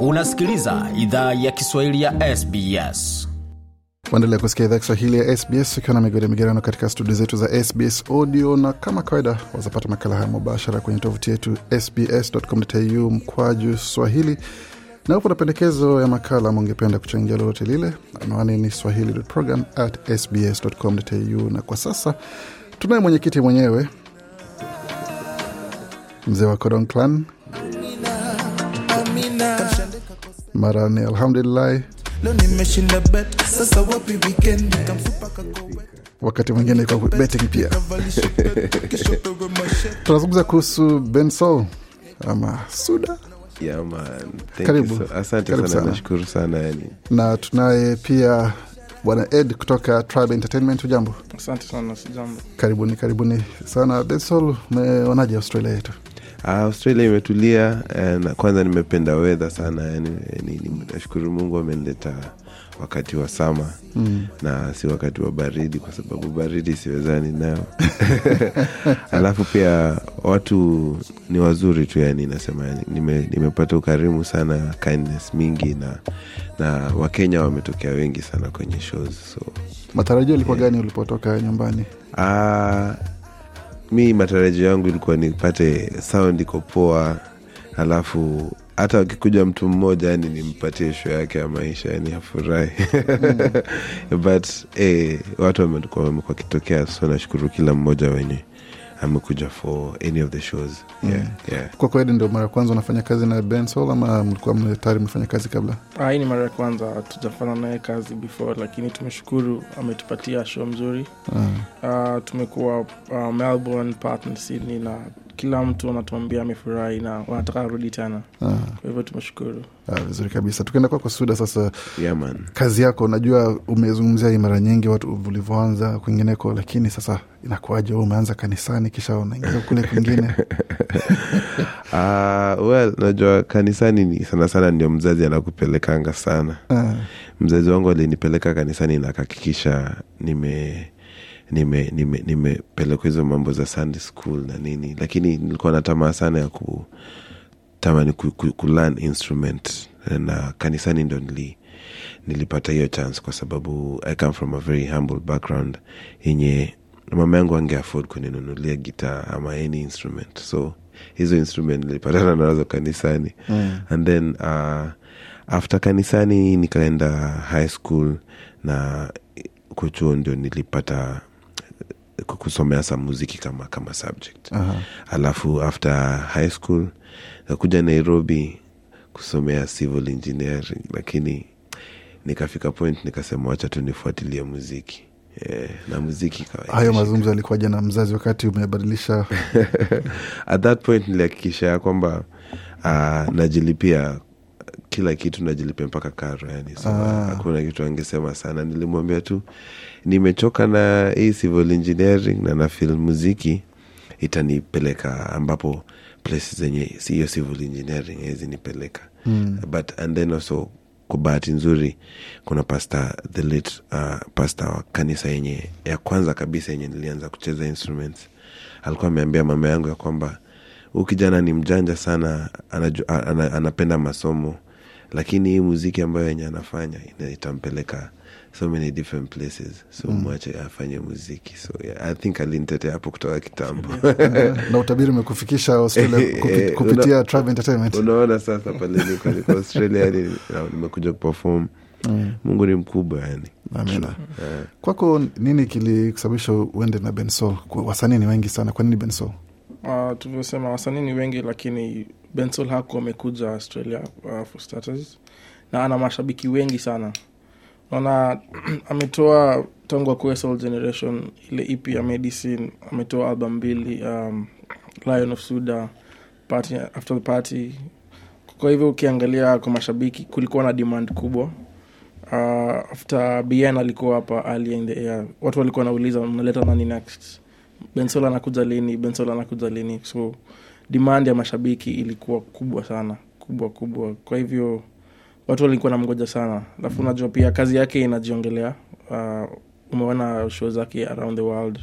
Unasikiliza idhaa ya Kiswahili ya SBS. Waendelea kusikia idhaa Kiswahili ya SBS ukiwa na migodi migerano katika studio zetu za SBS audio, na kama kawaida wazapata makala haya mubashara kwenye tovuti yetu sbscu mkwaju swahili na upo na pendekezo ya makala ama ungependa kuchangia lolote lile, anwani ni swahilisbscu Na kwa sasa tunaye mwenyekiti mwenyewe mzee wa Clan marani ni alhamdulillahi wakati mwingine kwa betting pia tunazungumza kuhusu benso ama suda Yeah, karibu so. asante karibu sana. nashukuru sana yani. na tunaye pia bwana ed kutoka tribe entertainment ujambo asante sana sijambo karibuni karibuni sana bensol umeonaje australia yetu Ah, Australia imetulia eh, kwanza nimependa wedha sana nashukuru Mungu ameleta wakati wa sama mm. na si wakati wa baridi, kwa sababu baridi siwezani nayo alafu pia watu ni wazuri tu yani, nasema yani, nime, nimepata ukarimu sana, kindness mingi na, na Wakenya wametokea wengi sana kwenye shows so, matarajio alikuwa yeah. gani ulipotoka nyumbani? uh, mi matarajio yangu ilikuwa nipate saund iko poa alafu hata akikuja mtu mmoja yani nimpatie sho yake ya maisha yani afurahi mm. but eh, watu wamekuwa wamekuwa wakitokea so nashukuru kila mmoja wenyewe amekuja for any of the shows mm. yeah, Kwa kweli ndio mara ya kwanza unafanya kazi na Bensol ama mlikuwa tayari mmefanya kazi kabla? Ah, hii ni mara ya kwanza tujafanya naye kazi before, lakini tumeshukuru ametupatia show mzuri. Ah. Uh, tumekuwa uh, Melbourne, Perth, Sydney na kila mtu anatuambia amefurahi na wanataka arudi tena ah. kwa hivyo tumeshukuru ah, vizuri kabisa tukienda kwako suda sasa yeah, kazi yako unajua umezungumzia hii mara nyingi watu ulivyoanza kwingineko lakini sasa u umeanza kanisani kisha unaingia kule kwingine uh, well najua kanisani ni sana sana ndio mzazi anakupelekanga sana ah. mzazi wangu alinipeleka kanisani na akahakikisha nime nimepelekwa nime, nime, hizo mambo za sunday school na nini lakini nilikuwa na tamaa sana ya kutamani kulan instrument eh, na kanisani ndo nili nilipata hiyo chance kwa sababu i come from a very humble background yenye mama yangu ange angeafford kuninunulia gitaa ama any instrument so hizo instrument nilipatana nazo kanisani yeah. Mm. and then uh, after kanisani nikaenda high school na kuchuo ndio nilipata kusomea sa muziki kama kama subject uh-huh. alafu after high school nakuja nairobi kusomea civil engineering lakini nikafika point nikasema wacha tu nifuatilie muziki Yeah, na muziki hayo mazungumzo yalikuwaja na mzazi wakati umebadilisha at that point nilihakikisha ya kwamba uh, najilipia kila kitu najilipia mpaka karo yani, so ah. hakuna ah, kitu angesema sana. Nilimwambia tu nimechoka na hii civil engineering na na film muziki itanipeleka ambapo place zenye hiyo civil engineering hizi nipeleka mm. but and then also kwa bahati nzuri kuna pasta the late uh, pasta wa kanisa yenye ya kwanza kabisa yenye nilianza kucheza instruments alikuwa ameambia mama yangu ya kwamba huu kijana ni mjanja sana anaju, anapenda masomo lakini hii muziki ambayo yenye anafanya itampeleka so many different places so mm. mwache afanye muziki so yeah, i think alinitetea hapo kutoka kitambo na utabiri umekufikisha australia eh, kupitia Tribe Entertainment unaona sasa pale niko niko australia ni, nimekuja kuperform mm. mungu ni mkubwa yani amina yeah. Eh. kwako nini kilikusababisha uende na bensol wasanii ni wengi sana kwa nini bensol uh, ah, tulivyosema wasanii ni wengi lakini bensol hako amekuja australia uh, for starters na ana mashabiki wengi sana naona ametoa tangu akuwe soul generation ile ep ya medicine ametoa album mbili um, lion of suda party, after the party kwa hivyo ukiangalia kwa mashabiki kulikuwa na demand kubwa uh, after bn alikuwa hapa ali in the air watu walikuwa wanauliza mnaleta nani next bensol anakuja lini bensol anakuja lini so demand ya mashabiki ilikuwa kubwa sana kubwa kubwa kwa hivyo watu walikuwa namgoja sana alafu mm. unajua pia kazi yake inajiongelea uh, umeona show zake around the world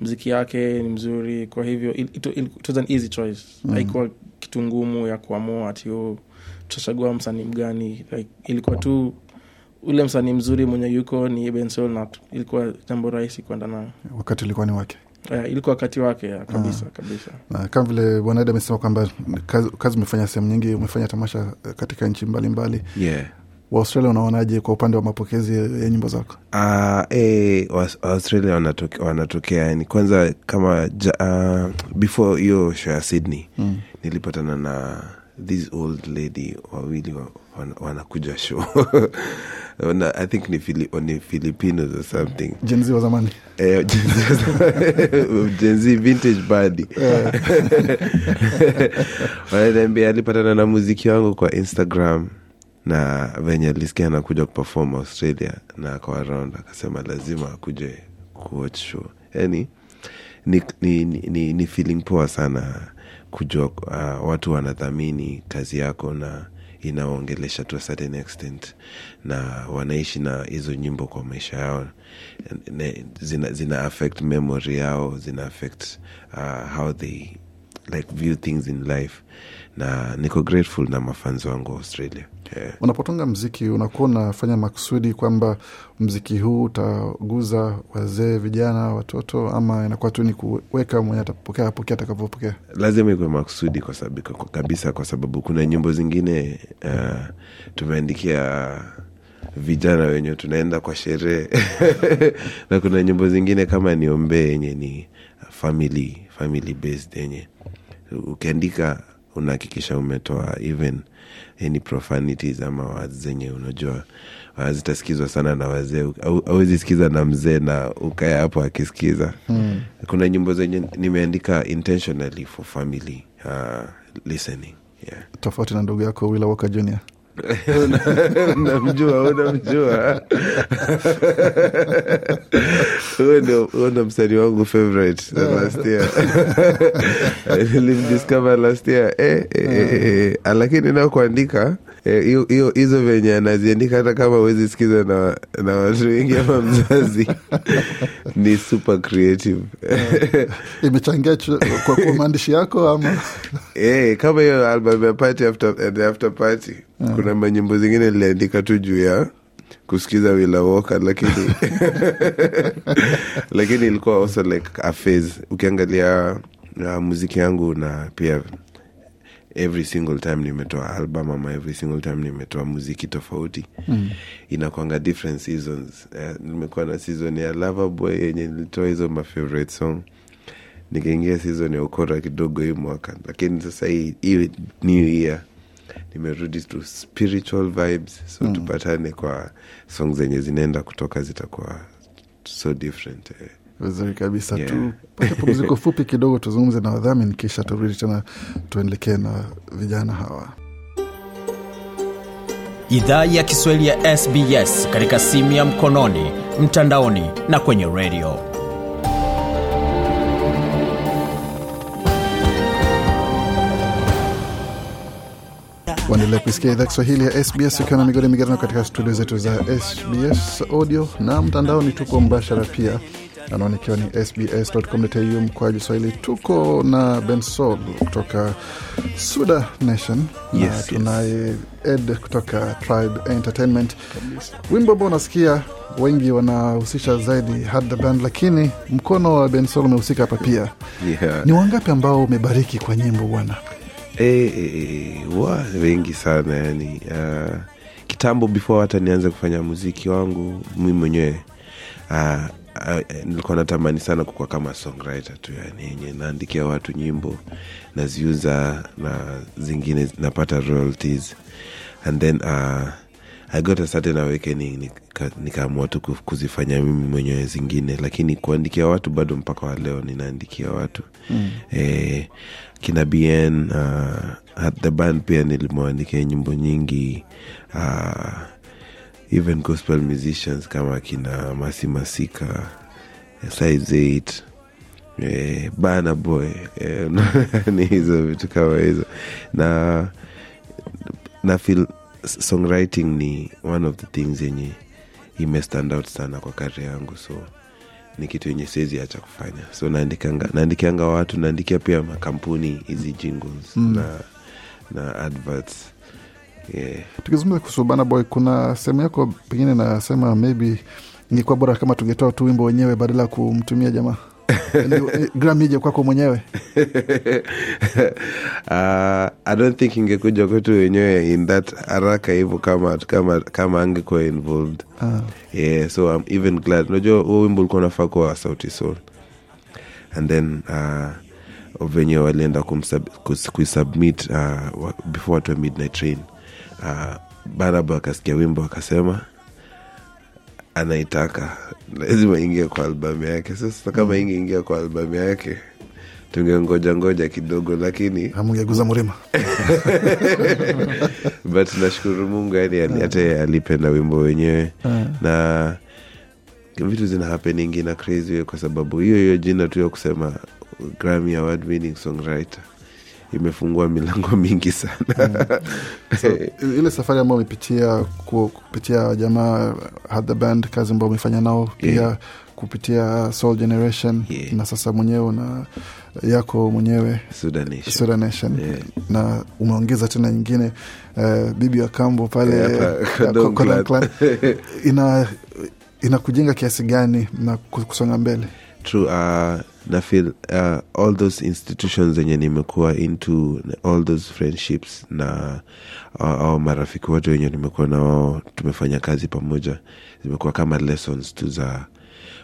mziki yake ni mzuri kwa hivyo it, it, it was an easy choice mm. kitu ngumu ya kuamua ati oh, tutachagua msanii mgani like, ilikuwa tu ule msanii mzuri mwenye yuko ni na ilikuwa jambo rahisi kuenda nayo wakati ulikuwa ni wake Yeah, ilikuwa wakati wake kabisa, ah. kabisa. kama vile Bwana Ed amesema kwamba kazi umefanya sehemu nyingi, umefanya tamasha eh, katika nchi mbalimbali mbali. Yeah. Waustralia unaonaje kwa upande wa mapokezi ya nyimbo zako? Uh, eh, Waustralia wanatoke, wanatokea ni kwanza kama ja, uh, before hiyo show ya Sydney mm. nilipatana na this old lady wawili wanakuja wana show I think ni, Fili, ni Filipinos or something. jenzi wa zamani. jenzi eh, vintage Yeah. alipatana na muziki wangu kwa Instagram na venye alisikia anakuja kuperform Australia na akawa around akasema lazima akuje kuwatch show. Yani ni, ni, ni, ni, ni feeling poa sana kujua uh, watu wanathamini kazi yako na inaongelesha to a certain extent na wanaishi na hizo nyimbo kwa maisha yao zina, zina affect memory yao zina affect uh, how they like view things in life na niko grateful na mafanzi wangu wa australia yeah. Unapotunga mziki unakuwa unafanya makusudi kwamba mziki huu utaguza wazee, vijana, watoto, ama inakuwa tu ni kuweka mwenye atapokea apokea atakavyopokea? Lazima ikuwe makusudi kwa kabisa, kwa sababu kuna nyimbo zingine uh, tumeandikia vijana wenye tunaenda kwa sherehe na kuna nyimbo zingine kama niombee yenye ni family, family based yenye ukiandika unahakikisha umetoa even any eh, profanities ama wazi zenye unajua hazitasikizwa sana na wazee awezi sikiza na mzee na ukaya hapo akisikiza mm. kuna nyimbo zenye nimeandika intentionally for family uh, listening yeah. tofauti na ndugu yako wila junior unamjua unamjua huyo ndo msani wangu favorite ah. last year nilimdiscover last year eh, eh, eh, eh. eh. Ah, lakini nao kuandika Eh, hizo venye anaziandika hata kama wezi na, na watu wengi ama mzazi ni super creative eh, imechangia kwa maandishi yako ama hey, eh, kama hiyo album ya party after, the after party yeah. kuna manyimbo zingine liliandika tu juu ya kusikiza wilawoka Walker lakini lakini ilikuwa also like a phase ukiangalia uh, muziki yangu na pia every single time nimetoa album ama every single time nimetoa muziki tofauti mm. inakwanga different seasons uh, nimekuwa na season ya loveboy yenye nilitoa hizo favorite song nikaingia season ya ukora kidogo hii mwaka lakini sasa hii new year nimerudi to spiritual vibes so mm. tupatane kwa song zenye zinaenda kutoka zitakuwa so different eh. Vizuri kabisa yeah. Tupate pumziko fupi kidogo, tuzungumze na wadhamini, kisha turudi tena tuendelekee na vijana hawa. Idhaa ya Kiswahili ya SBS katika simu ya mkononi, mtandaoni na kwenye redio. uendelea kuisikia idhaa Kiswahili ya SBS ukiwa na migodi migerano katika studio zetu za SBS audio na mtandaoni, tuko mbashara pia anaoni ikiwa ni sbs.com.au mkoaji Swahili. Tuko na bensol kutoka Suda Nation yes, na tunaye yes. Ed kutoka Tribe Entertainment. Wimbo ambao unasikia wengi wanahusisha zaidi Band, lakini mkono wa bensol umehusika hapa pia. Yeah. Ni wangapi ambao umebariki kwa nyimbo bwana? E, e, wa wengi sana yani. Uh, kitambo before hata nianze kufanya muziki wangu mi mwenyewe uh, Eh, nilikuwa natamani sana kukua kama songwriter tu yani yenye naandikia watu nyimbo naziuza na zingine napata royalties and then uh, i got a certain awakening nikaamua tu kuzifanya mimi mwenyewe zingine lakini kuandikia watu bado mpaka wa leo ninaandikia watu mm. eh, kina bn uh, the band pia nilimwandikia nyimbo nyingi uh, even gospel musicians kama akina masi masika size 8 eh, bana boy eh, ni hizo vitu kama hizo na na feel songwriting ni one of the things yenye imestand out sana kwa kari yangu so ni kitu yenye siwezi acha kufanya so naandikianga watu naandikia pia makampuni hizi jingles mm. na na adverts yeah. Tukizungumza kuhusu bana Boy, kuna sehemu yako pengine nasema maybe ingekuwa bora kama tungetoa tu wimbo wenyewe badala ya kumtumia jamaa yaani, eh, gram ije kwako mwenyewe uh, I don't think ingekuja kwetu wenyewe in that haraka hivo kama kama kama angekuwa involved ah. yeah, so I'm even glad unajua huo wimbo ulikuwa unafaa kuwa sauti sol and then uh, venye walienda kuisubmit uh, before watu midnight train uh, ah, baraba akasikia wimbo akasema anaitaka lazima ingia kwa albamu yake sasa kama mm. ingeingia kwa albamu yake tungengoja ngoja kidogo lakini amgeguza ah, mrima but nashukuru mungu yani ah. hata yeah. alipenda wimbo wenyewe yeah. na vitu zina happening na crazy kwa sababu hiyo hiyo jina tu ya kusema grammy award winning songwriter imefungua milango mingi sana mm. so, ile safari ambayo umepitia kupitia jamaa had uh, band kazi ambayo umefanya nao pia yeah. kupitia uh, soul generation yeah. na sasa mwenyewe na yako mwenyewe Yeah. na umeongeza tena nyingine uh, bibi wa kambo pale yeah, uh, ina inakujenga kiasi gani na kusonga mbele True, uh, na feel uh, all those institutions zenye nimekuwa into all those friendships na uh, au marafiki wote wenye nimekuwa na wao tumefanya kazi pamoja zimekuwa kama lessons tu za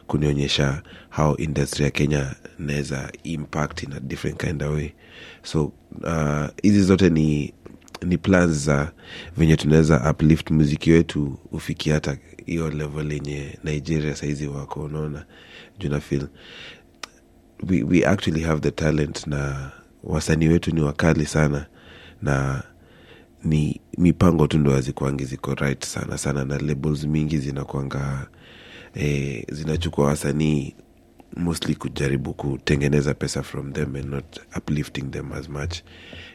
kunionyesha how industry ya kenya naweza impact in a different kind of way so uh, hizi uh, zote ni ni plans za venye tunaweza uplift muziki wetu ufikia hata hiyo level yenye nigeria sahizi wako unaona junafil we, we actually have the talent na wasanii wetu ni wakali sana na ni mipango tu ndo hazikwangi ziko right sana sana na labels mingi zinakwanga eh, zinachukua wasanii mostly kujaribu kutengeneza pesa from them and not uplifting them as much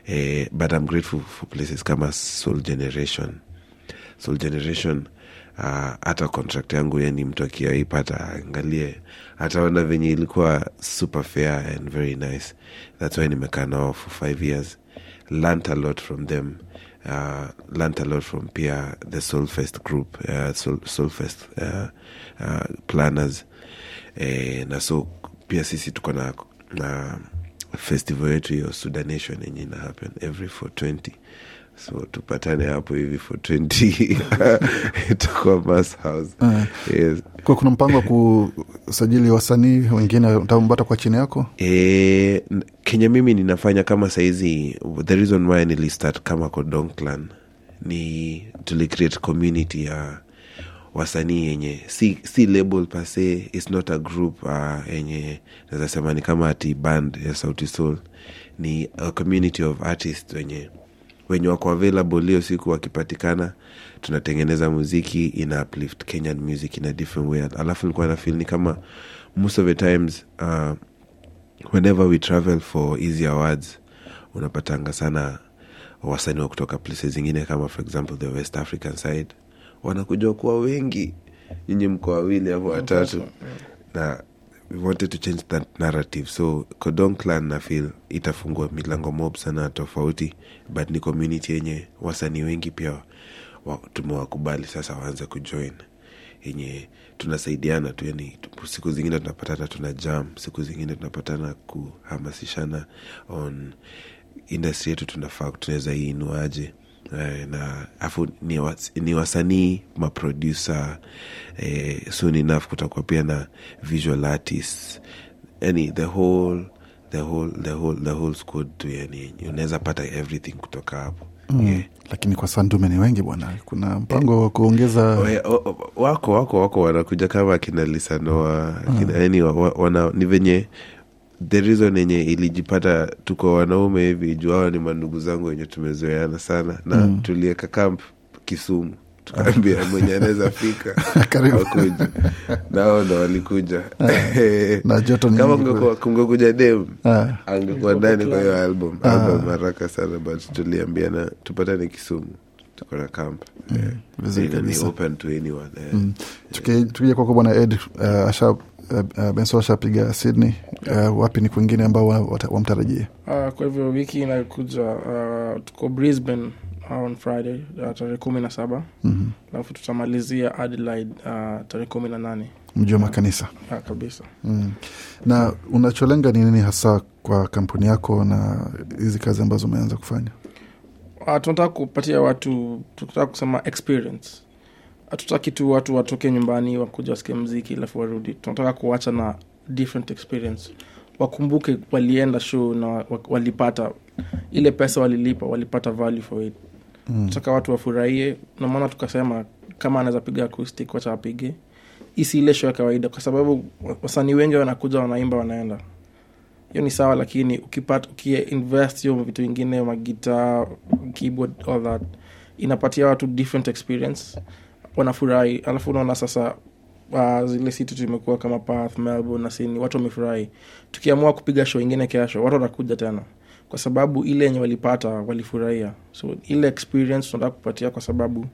eh, but i'm grateful for places kama soul generation soul generation Ah, hata contract yangu yani mtu akiaipata angalie ataona venye ilikuwa super fair and very nice thats why nimekaa nao for five years lant a lot from them uh, ah, lant a lot from pia the solfest group uh, ah, Sol, solfest uh, uh, planners e, na so pia sisi tuko na, uh, festival yetu hiyo sudanation yenye ina happen every 20 so tupatane hapo hivi for 20 itakuwa uh, yes. kuna mpango wa kusajili wasanii wengine utambata kwa chini yako e, kenya mimi ninafanya kama saizi the reason why nilistart kama kodonklan ni tulicreate community ya wasanii yenye si, si label pase its not a group uh, yenye naweza ni kama ati band ya sauti soul ni a community of artist wenye wenye wako available hiyo siku wakipatikana tunatengeneza muziki ina uplift kenyan music in a different way alafu nilikuwa feel ni kama most of the times uh, whenever we travel for easy awards unapatanga sana wasanii wa kutoka places zingine kama for example the west african side wanakuja kuwa wengi nyinyi mko wawili au watatu na we wanted to change that narrative so kodong clan na itafungua milango mob sana tofauti but ni community yenye wasanii wengi pia wa, tumewakubali sasa waanze kujoin yenye tunasaidiana tu yani siku zingine tunapatana tuna jam siku zingine tunapatana kuhamasishana on industry yetu tunafaa tunaweza iinuaje eh, na afu ni, wasanii ni wasanii eh, soon enough kutakuwa pia na visual artist yani the whole the whole the whole the whole squad tu yani unaweza pata everything kutoka hapo mm. yeah. lakini kwa sandume ni wengi bwana kuna mpango wa kuongeza wako wako wako wanakuja kama akina lisanoa mm. yani wana ni venye the reason yenye ilijipata tuko wanaume hivi juu awa ni mandugu zangu wenye tumezoeana sana na mm. tulieka kamp Kisumu tukaambia mwenye anaweza fika wakuja nao ndo walikuja ah. kama kungekuja dem ah. angekuwa ndani kwa hiyo album ah. album haraka sana but tuliambiana tupatane Kisumu tukona kamp mm. yeah. Eh. Mm. tukija kwako bwana ed uh, asha uh, Benson ashapiga Sydney yeah. Uh, wapi ni kwingine ambao wamtarajia wa uh, kwa hivyo wiki inayokuja uh, tuko Brisbane ah, on Friday uh, tarehe kumi na saba mm alafu -hmm. tutamalizia Adelaide uh, tarehe kumi na nane mji wa makanisa ha, kabisa mm. Na unacholenga ni nini hasa kwa kampuni yako na hizi kazi ambazo umeanza kufanya? Uh, tunataka kupatia watu, tunataka kusema experience hatutaki tu watu watoke nyumbani wakuja wasikie mziki alafu warudi tunataka kuacha na different experience wakumbuke walienda show na walipata ile pesa walilipa walipata value for it mm. watu wafurahie namaana tukasema kama anaweza piga acoustic wacha apige isi ile ya kawaida kwa sababu wasanii wengi wanakuja wanaimba wanaenda hiyo ni sawa lakini ukipata ukiinvest hiyo vitu vingine magitaa keyboard all that inapatia watu different experience mm wanafurahi alafu unaona sasa uh, zile situ tumekuwa kama path Melbourne na sini watu wamefurahi. Tukiamua kupiga show ingine kesho, watu watakuja tena, kwa sababu ile yenye walipata walifurahia. So ile experience tunataka kupatia, kwa sababu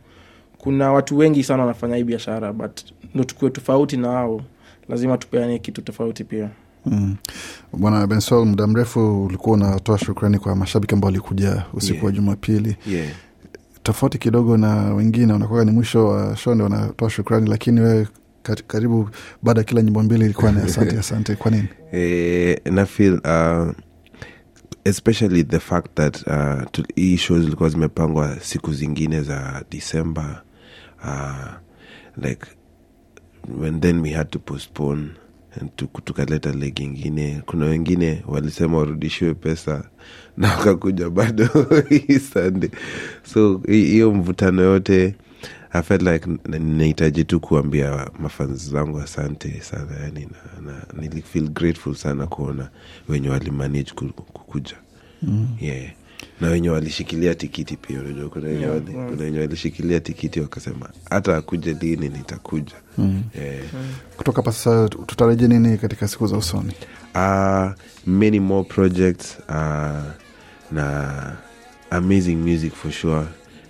kuna watu wengi sana wanafanya hii biashara, but ndo tukuwe tofauti na ao lazima tupeane kitu tofauti pia. Mm. Bwana Bensol, muda mrefu ulikuwa unatoa shukrani kwa mashabiki ambao walikuja usiku wa Jumapili yeah tofauti kidogo na wengine, wanakuwa ni mwisho wa show ndio wanatoa shukrani, lakini wewe karibu baada ya kila nyimbo mbili ilikuwa ni asante asante. Kwa nini? E, na feel uh, especially the fact that uh, hii show zilikuwa zimepangwa siku zingine za December uh, like when then we had to postpone tukaleta leg ingine. Kuna wengine walisema warudishiwe pesa na wakakuja bado hii Sunday. So hiyo mvutano yote I felt like ninahitaji tu kuambia mafanzi zangu asante sana, yani na, na, nilifeel grateful sana kuona wenye walimanage kukuja mm. yeah na wenye walishikilia tikiti pia unajua kuna wenye yeah, wali, walishikilia tikiti wakasema hata akuje lini nitakuja mm. yeah. mm. kutoka pa sasa tutarajia nini katika siku za usoni uh, many more projects uh, na amazing music for sure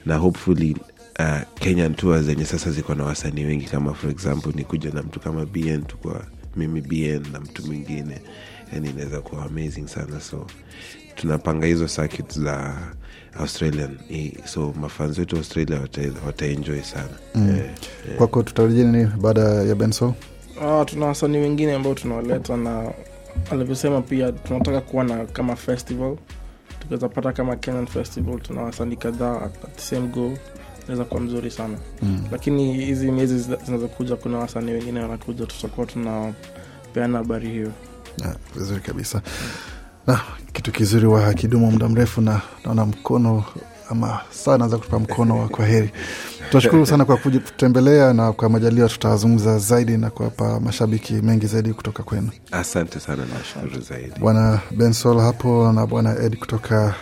na hopefully uh, kenyan tour zenye sasa ziko na wasanii wengi kama for example nikuja na mtu kama bn tukwa mimi bn na mtu mwingine yani inaweza kuwa amazing sana so tunapanga hizo circuit za australian so mafanzi wetu australia wataenjoy wata sana mm. yeah, yeah. kwako tutarajia nini baada ya benso uh, ah, tuna wasanii wengine ambao tunawaleta na alivyosema pia tunataka kuwa na kama festival tukiweza pata kama kenyan festival tuna wasanii kadhaa at the same kuwa mzuri sana mm. lakini hizi miezi zinazokuja kuna wasanii wengine wanakuja tutakuwa tunapeana habari hiyo ah, vizuri kabisa mm na kitu kizuri wa kidumu muda mrefu, na naona mkono ama saa naweza kutupa mkono wa kwa heri. Tunashukuru sana kwa kutembelea na kwa majaliwa, tutazungumza zaidi na kuwapa mashabiki mengi zaidi kutoka kwenu. Asante sana, nashukuru zaidi Bwana Bensol hapo na Bwana Ed kutoka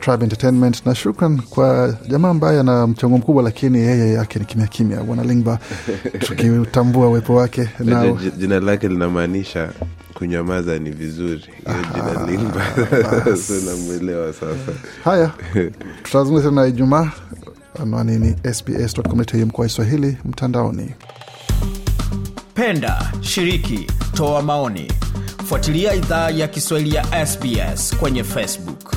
Tribe Entertainment, na shukran kwa jamaa ambaye ana mchango mkubwa, lakini yeye yake ni kimya kimya, Bwana Lingba, tukitambua uwepo wake na jina lake linamaanisha kunyamaza ni vizuri ah, jina ah, ah, sasa haya tutazungumza tena ijumaa anwani ni sbs.com.au kwa kiswahili mtandaoni penda shiriki toa maoni fuatilia idhaa ya kiswahili ya sbs kwenye facebook